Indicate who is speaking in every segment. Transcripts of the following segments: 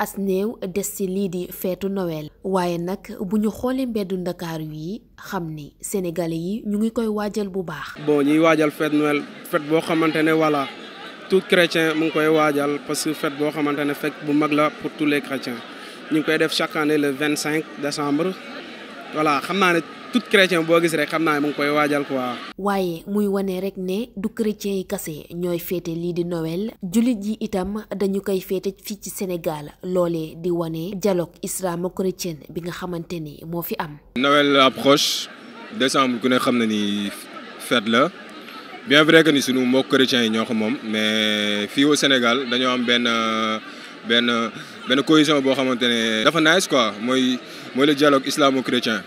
Speaker 1: as néew des ci lii di feetu Noël waaye nag bu ñu xoolee mbeddu ndakaaru yi xam ni sénégalais yi ñu ngi koy waajal bu baax.
Speaker 2: bon ñuy waajal feetu Noël feet boo xamante ne voilà tout chrétien mu ngi koy waajal parce que feet boo xamante ne fekk bu mag la pour tous les chrétiens ñu ngi koy def chaque année le vingt cinq décembre voilà xam naa ne tout chrétien boo gis rek xam naa mu ngi koy waajal quoi.
Speaker 1: waaye muy wane rek ne du chrétien yi kase ñooy féete lii di Noël jullit yi itam dañu koy féete fii ci Sénégal loolee di wane dialogue islamo-chrétien bi nga xamante ni moo fi am.
Speaker 3: Noël approche décembre ku ne xam na ni fête la bien vrai que ni sunu mbokk chrétiens yi ñoo ko moom mais fii au Sénégal dañoo am benn. benn benn cohésion boo xamante ne dafa nice quoi mooy mooy le dialogue islamo-chrétien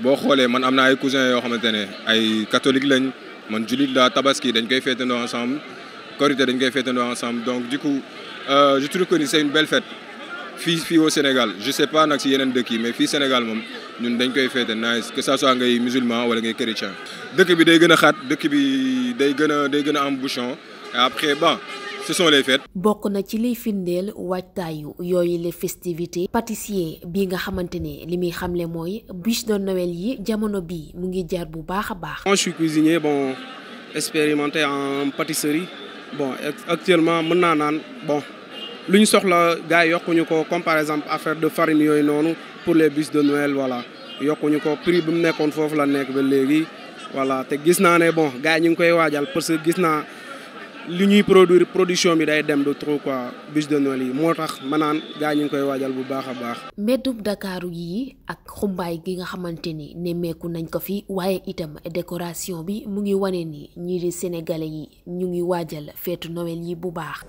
Speaker 3: boo xoolee man am naa ay cousins yoo xamante ne ay catholique lañ man julit la tabaski dañ koy féetandoo ensemble korité dañ koy féetandoo ensemble donc du coup euh, je trouve que ni c'est une belle fête fii fii au Sénégal je sais pas nag si yeneen dëkk yi mais fii Sénégal moom ñun dañ koy féete nice que ça soit ngay musulman wala ngay chrétien dëkk bi day gën a xaat dëkk bi day gën a day gën a am bouchon et après bon ce sont les fêtes.
Speaker 1: bokk na ci liy firndeel waajtaayu yooyu les festivités pâtissier bi nga xamante ne li muy xamle mooy bûche de Noël yi jamono bii mu ngi jaar bu baax a baax.
Speaker 2: je suis cuisinier bon expérimenté en pâtisserie bon actuellement mën naa naan bon lu ñu soxla gars yi ñu ko comme par exemple affaire de farine yooyu noonu pour les bûches de Noël voilà yokkuñu ko prix bi mu nekkoon foofu la nekk ba léegi voilà te gis naa ne bon ñu ngi koy waajal parce que gis naa. li ñuy produire production bi day dem du trop quoi bûche de Noël yi moo tax ma naan gaa ñu ngi koy waajal bu baax a baax.
Speaker 1: mbeddub Dakaaru yi ak xumbaay gi nga xamante ni nemmeeku nañ ko fi waaye itam décoration bi mu ngi wane ni ñii di sénégalais yi ñu ngi waajal feetu nowel yi bu baax.